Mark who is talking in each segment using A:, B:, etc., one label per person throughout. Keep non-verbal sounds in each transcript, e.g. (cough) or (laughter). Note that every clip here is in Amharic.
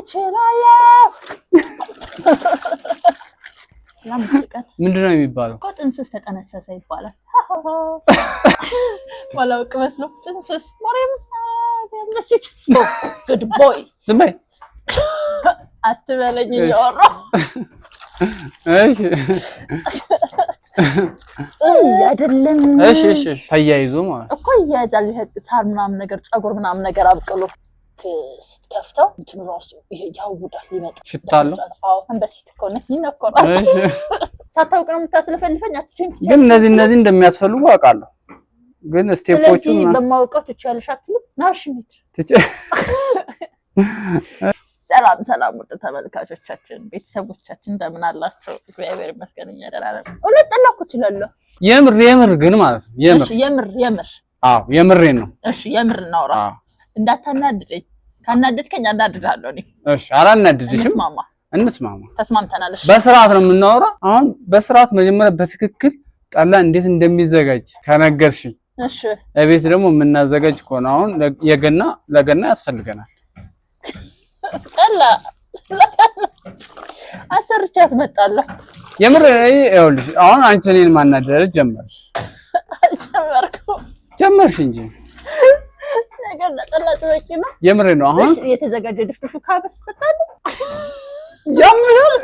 A: እችላለሁ። (laughs)
B: ምንድን ነው የሚባለው?
A: እኮ ጥንስስ ተጠነሰሰ ይባላል። ባላውቅ መስሎ ጥንስስ ሞሬም መሲት ጉድ ቦይ ዝም በይ አትበለኝ እያወራሁ አይደለም።
B: ተያይዞ ማለት
A: እኮ ይያያዛል። ሳር ምናምን ነገር፣ ፀጉር ምናምን ነገር አብቅሎ ስትከፍተው እንትኑ ራሱ ያውዳል ይመጣል። ሽታለሁ አንበሲት ከሆነች ይነኮራል። ሳታውቅ ነው የምታስለፈልፈኝ።
B: ግን እነዚህ እነዚህ እንደሚያስፈልጉ አውቃለሁ። ግን ስቴፖቹ
A: በማውቀው ትችያለሽ አትልም። ናሽ (laughs) ሰላም ሰላም፣ ውድ ተመልካቾቻችን ቤተሰቦቻችን እንደምን አላቸው? እግዚአብሔር ይመስገን እኛ ደህና ነን። እውነት ጠላኩ እችላለሁ።
B: የምር የምር ግን ማለት ነው የምር
A: የምር የምር የምሬን ነው። እሺ የምር እናውራ እንዳታናድጭኝ። ካናደድከኝ አናድዳለሁ።
B: እሺ፣ አላናድድሽም። እንስማማ እንስማማ። ተስማምተናል። በስርዓት ነው የምናወራ። አሁን በስርዓት መጀመሪያ በትክክል ጠላ እንዴት እንደሚዘጋጅ ከነገርሽኝ፣ እሺ፣ እቤት ደግሞ የምናዘጋጅ ከሆነ አሁን የገና ለገና ያስፈልገናል
A: ጠላ አሰርቼ አስመጣለሁ።
B: የምር ይኸውልሽ፣ አሁን አንቺ እኔን ማናደድ ጀመርሽ ጀመርኩ ጀመርሽ እንጂ
A: ነገር ጥሮችማ
B: የምሬ ነው። አሁን
A: የተዘጋጀ ድፍድፉ ካበስከታለ
B: ያምራል።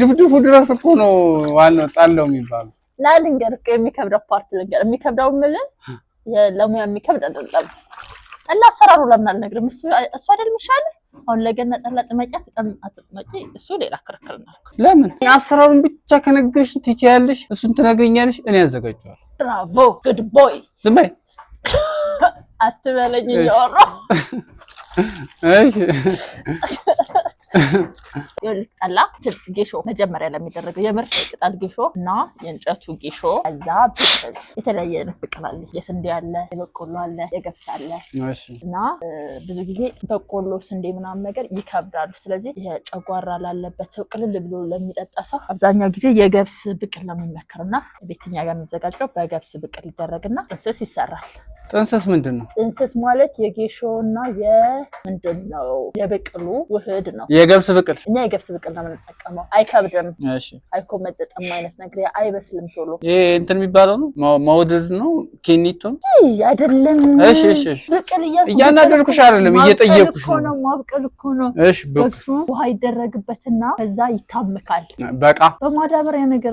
B: ድፍድፉ ድረስ እኮ ነው ዋናው ጣለው የሚባለው
A: ላልንገርህ የሚከብደው ፓርት ልንገር የሚከብደው ምን ለሙያ የሚከብድ አይደለም። ጠላ አሰራሩ ለምን አልነግርም? እሱ እሱ አይደል የሚሻልህ። አሁን ለገና ጠላ ጥመጫ አጥመጪ፣ እሱ ሌላ ክርክር ነው።
B: ለምን አሰራሩን ብቻ ከነገርሽ ትችያለሽ፣ እሱን ትነግሪኛለሽ፣ እኔ ያዘጋጀዋል።
A: ብራቮ ጉድ ቦይ ዝም በይ አትበለኝ እያወራሁ እሺ ጠላ ጌሾ መጀመሪያ ለሚደረገው ቅጠል ጌሾ እና የእንጨቱ ጌሾ የተለያየ አይነት ብቅል አለ። የስንዴ አለ፣ የበቆሎ አለ፣ የገብስ አለ እና ብዙ ጊዜ በቆሎ፣ ስንዴ ምናምን ነገር ይከብዳሉ። ስለዚህ የጨጓራ ላለበት ሰው ቅልል ብሎ ለሚጠጣ ሰው አብዛኛው ጊዜ የገብስ ብቅል ነው የሚመከር እና ቤትኛ ጋር የሚዘጋጀው በገብስ ብቅል ይደረግና ይሰራል።
B: ጥንስስ ምንድን ነው?
A: ጥንስስ ማለት የጌሾና የምንድን ነው የብቅሉ ውህድ ነው። የገብስ ብቅል እኛ የገብስ ብቅል ነው የምንጠቀመው። አይከብድም፣ አይኮመጠጥም አይነት ነገር አይበስልም ቶሎ።
B: ይሄ እንትን የሚባለው ነው መውድድ ነው ኬኒቱን
A: አይደለም። ብቅል
B: እያናደርኩሽ አይደለም፣ እየጠየኩሽ
A: ነው። ማብቀል እኮ ነው። በሱ ውሃ ይደረግበትና ከዛ ይታምካል። በቃ በማዳበሪያ ነገር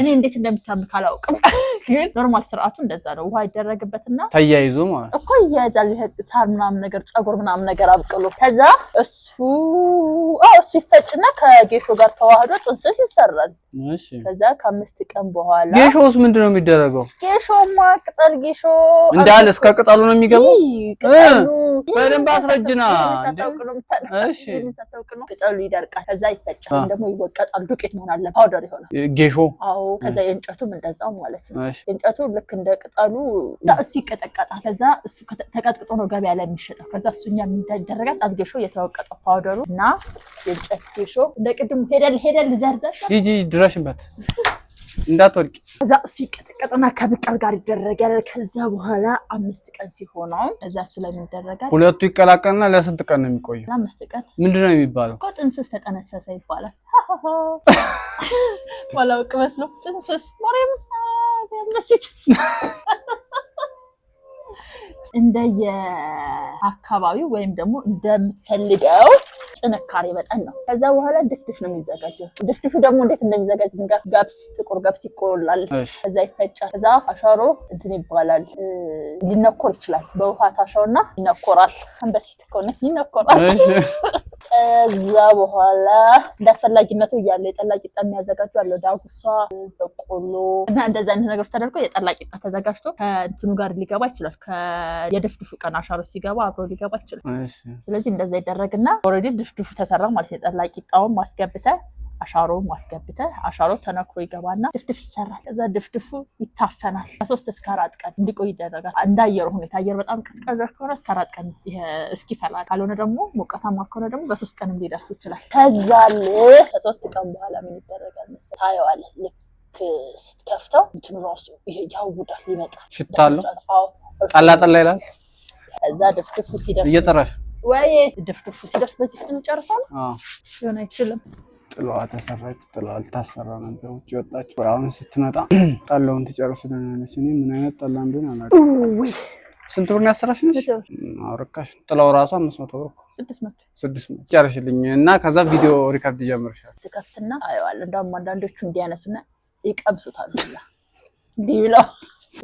A: እኔ እንዴት እንደሚታምክ አላውቅም፣ (laughs) ግን ኖርማል ስርዓቱ እንደዛ ነው። ውሃ ይደረግበትና
B: ተያይዞ ማለት
A: እኮ ይያያዛል። ይሄ ሳር ምናምን ነገር ጸጉር ምናምን ነገር አብቅሎ ከዛ እሱ እሱ ይፈጭና ከጌሾ ጋር ተዋህዶ ጥንስስ ይሰራል። ከዛ ከአምስት ቀን በኋላ
B: ጌሾውስ ምንድነው የሚደረገው?
A: ጌሾማ ቅጠል ጌሾ
B: እንዳለ እስከ ቅጠሉ ነው የሚገባው። በደንብ አስረጅና እሺ
A: ቅጠሉ ይደርቃል። ከዛ ይፈጫል፣ ደግሞ ይወቀጣል። ዱቄት መሆን አለ ፓውደር ይሆናል ጌሾ። አዎ ከዛ የእንጨቱም እንደዛው ማለት ነው። የእንጨቱ ልክ እንደ ቅጠሉ ሲቀጥ ቀጠቀጣት። ከዛ እሱ ተቀጥቅጦ ነው ገበያ ላይ የሚሸጠው። ከዛ እሱኛ የሚደረጋት አትጌሾ የተወቀጠ ፓውደሩ እና የእንጨት ጌሾ እንደ ቅድም ሄደል ሄደል ዘርዘር
B: ጂጂ ድረሽበት እንዳትወድቂ።
A: ከዛ እሱ ይቀጠቀጥና ከብቀል ጋር ይደረጋል። ከዛ በኋላ አምስት ቀን ሲሆነው እዛ እሱ ላይ የሚደረጋል።
B: ሁለቱ ይቀላቀልና ለስንት ቀን ነው የሚቆየው? ለአምስት ቀን። ምንድን ነው የሚባለው?
A: እኮ ጥንስስ ተጠነሰሰ ይባላል። (laughs) ውቅ መስሎ ጥንስስ ሞሬም ደሲት (laughs) እንደየ አካባቢው ወይም ደግሞ እንደምትፈልገው ጥንካሬ መጠን ነው። ከዛ በኋላ ድፍድፍ ነው የሚዘጋጀው። ድፍድፉ ደግሞ እንዴት እንደሚዘጋጅ ገብስ፣ ጥቁር ገብስ ይቆላል። ከዛ ይፈጫል። ከዛ አሻሮ እንትን ይባላል። ሊነኮር ይችላል። በውሃ ታሻውና ይነኮራል። አንበሲት ከሆነ ይነኮራል። ከዛ በኋላ እንዳስፈላጊነቱ እያለ የጠላ ቂጣ የሚያዘጋጁ አለ። ዳጉሳ፣ በቆሎ እና እንደዚ አይነት ነገሮች ተደርጎ የጠላ ቂጣ ተዘጋጅቶ ከእንትኑ ጋር ሊገባ ይችላል። የድፍድፉ ቀን አሻሮ ሲገባ አብሮ ሊገባ ይችላል። ስለዚህ እንደዛ ይደረግና ኦልሬዲ ድፍድፉ ተሰራ ማለት የጠላ ቂጣውን ማስገብተ አሻሮ ማስገብተህ አሻሮ ተነክሮ ይገባና ድፍድፍ ይሰራል። እዛ ድፍድፉ ይታፈናል። ከሶስት እስከ አራት ቀን እንዲቆይ ይደረጋል። እንደ አየሩ ሁኔታ አየር በጣም ቀዝቀዝ ከሆነ እስከ አራት ቀን እስኪፈላ፣ ካልሆነ ደግሞ ሞቀታማ ከሆነ ደግሞ በሶስት ቀን ሊደርስ ይችላል። ከዛ ከሶስት ቀን በኋላ ምን ይደረጋል መሰለህ? ታየዋለህ። ልክ ስትከፍተው እንትን ራሱ ያውዳል፣ ይመጣል።
B: ሽታለሁ አለው። ይላል።
A: ከዛ ድፍድፉ ሲደርስ እየጠረፍ ወይ ድፍድፉ ሲደርስ በዚህ ፍትም ጨርሰው ነው ሊሆን አይችልም
B: ጥለዋ ተሰራች። ጥለዋ ልታሰራ ነበር ውጭ ወጣች። አሁን ስትመጣ ጠላውን ትጨርስልናለች። እኔ ምን አይነት ጠላ እንደሆነ
A: አላውቅም።
B: ስንት ብር ነው ያሰራሽ? ርካሽ ጥላው ራሱ አምስት መቶ ብር ስድስት መቶ ጨርሽልኝ እና ከዛ ቪዲዮ ሪከርድ ጀምርሻል።
A: ትከፍትና አየዋለሁ። እንደውም አንዳንዶቹ እንዲያነሱና ይቀምሱታል። እንዲህ ብለው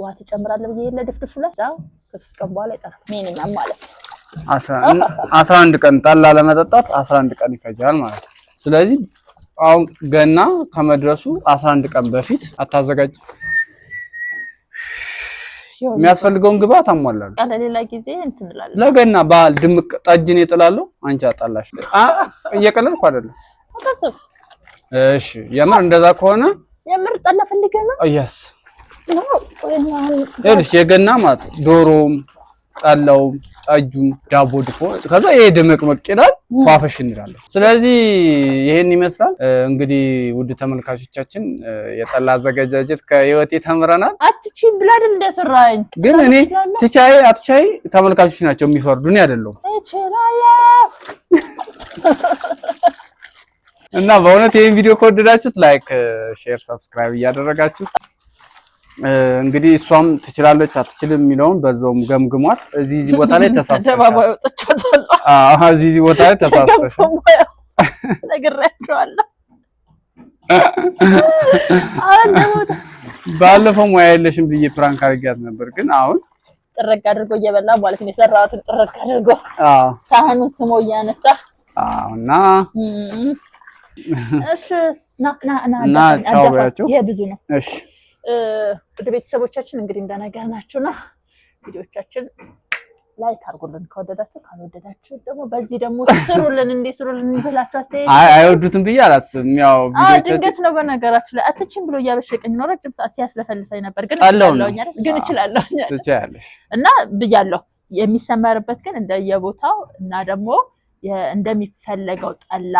A: ውሃ ትጨምራለህ ብዬ የለ ድፍድፉ ላይ እዛው ከሶስት ቀን በኋላ ይጠራል። ሚኒመም ማለት ነው
B: አስራ አንድ ቀን ጠላ ለመጠጣት አስራ አንድ ቀን ይፈጃል ማለት ነው። ስለዚህ አሁን ገና ከመድረሱ አስራ አንድ ቀን በፊት አታዘጋጅ። የሚያስፈልገውን ግብአት አሟላለሁ።
A: ለሌላ ጊዜ እንትንላለሁ።
B: ለገና በዓል ድምቅ ጠጅን እጥላለሁ። አንቺ አጣላሽ። እየቀለልኩ አይደለም። እሺ፣ የምር እንደዛ ከሆነ
A: የምር ጠላ ፈልገና
B: እያስ የገና ማለት ዶሮም ጠላውም ጠጁም ዳቦ ድፎ ከዛ ይሄ ድምቅምቅ ይላል፣ ፏፈሽ እንላለን። ስለዚህ ይሄን ይመስላል እንግዲህ ውድ ተመልካቾቻችን፣ የጠላ አዘጋጃጀት ከህይወቴ ተምረናል።
A: አትቺ ብላ አይደል እንደሰራኝ፣
B: ግን እኔ ትቻይ አትቻይ ተመልካቾች ናቸው የሚፈርዱ፣ እኔ አይደለሁም። እና በእውነት ይህን ቪዲዮ ከወደዳችሁት ላይክ፣ ሼር፣ ሰብስክራይብ እያደረጋችሁ እንግዲህ እሷም ትችላለች አትችልም የሚለውን በዛውም ገምግሟት። እዚህ እዚህ ቦታ ላይ ተሳስተሽ እዚህ ቦታ ላይ ተሳስተሽ ባለፈው ሙያ የለሽም ብዬ ፕራንክ አድርጊያት ነበር፣ ግን አሁን
A: ጥርቅ አድርጎ እየበላ ማለት ነው የሰራሁትን ጥርቅ አድርጎ ሳህኑን ስሞ እያነሳ እና እሺ ና ና
B: ና ቻው በያቸው የብዙ ነው። እሺ
A: ወደ ቤተሰቦቻችን እንግዲህ እንደነገር ናችሁና ቪዲዮቻችን ላይክ አድርጉልን ከወደዳችሁ፣ ካልወደዳችሁ ደግሞ በዚህ ደግሞ ስሩልን፣ እንዲህ ስሩልን ይበላችሁ። አስተያየት
B: አይወዱትም ብዬ አላስብም። ያው
A: ድንገት ነው። በነገራችሁ ላይ አትችም ብሎ እያበሸቀኝ ነው። ረጅም ሰዓት ሲያስለፈልፈኝ ነበር፣ ግን ግን እችላለሁ እና ብያለሁ። የሚሰመርበት ግን እንደየቦታው እና ደግሞ እንደሚፈለገው ጠላ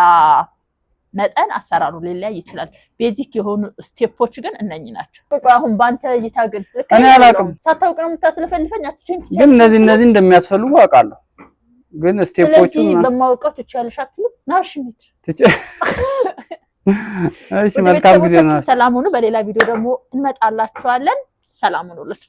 A: መጠን አሰራሩ ሊለያይ ይችላል። ቤዚክ የሆኑ ስቴፖች ግን እነኚህ ናቸው። አሁን በአንተ እይታ ግን እኔ አላውቅም፣ ሳታውቅ ነው የምታስለፈልፈኝ። አትችይም።
B: ግን እነዚህ እነዚህ እንደሚያስፈልጉ አውቃለሁ፣ ግን ስቴፖቹ
A: በማውቀው ትችያለሽ አትልም። ናሽ ሚት
B: እሺ፣ መልካም ጊዜ ነው።
A: ሰላም ሁኑ። በሌላ ቪዲዮ ደግሞ እንመጣላችኋለን። ሰላም ሁኑልን።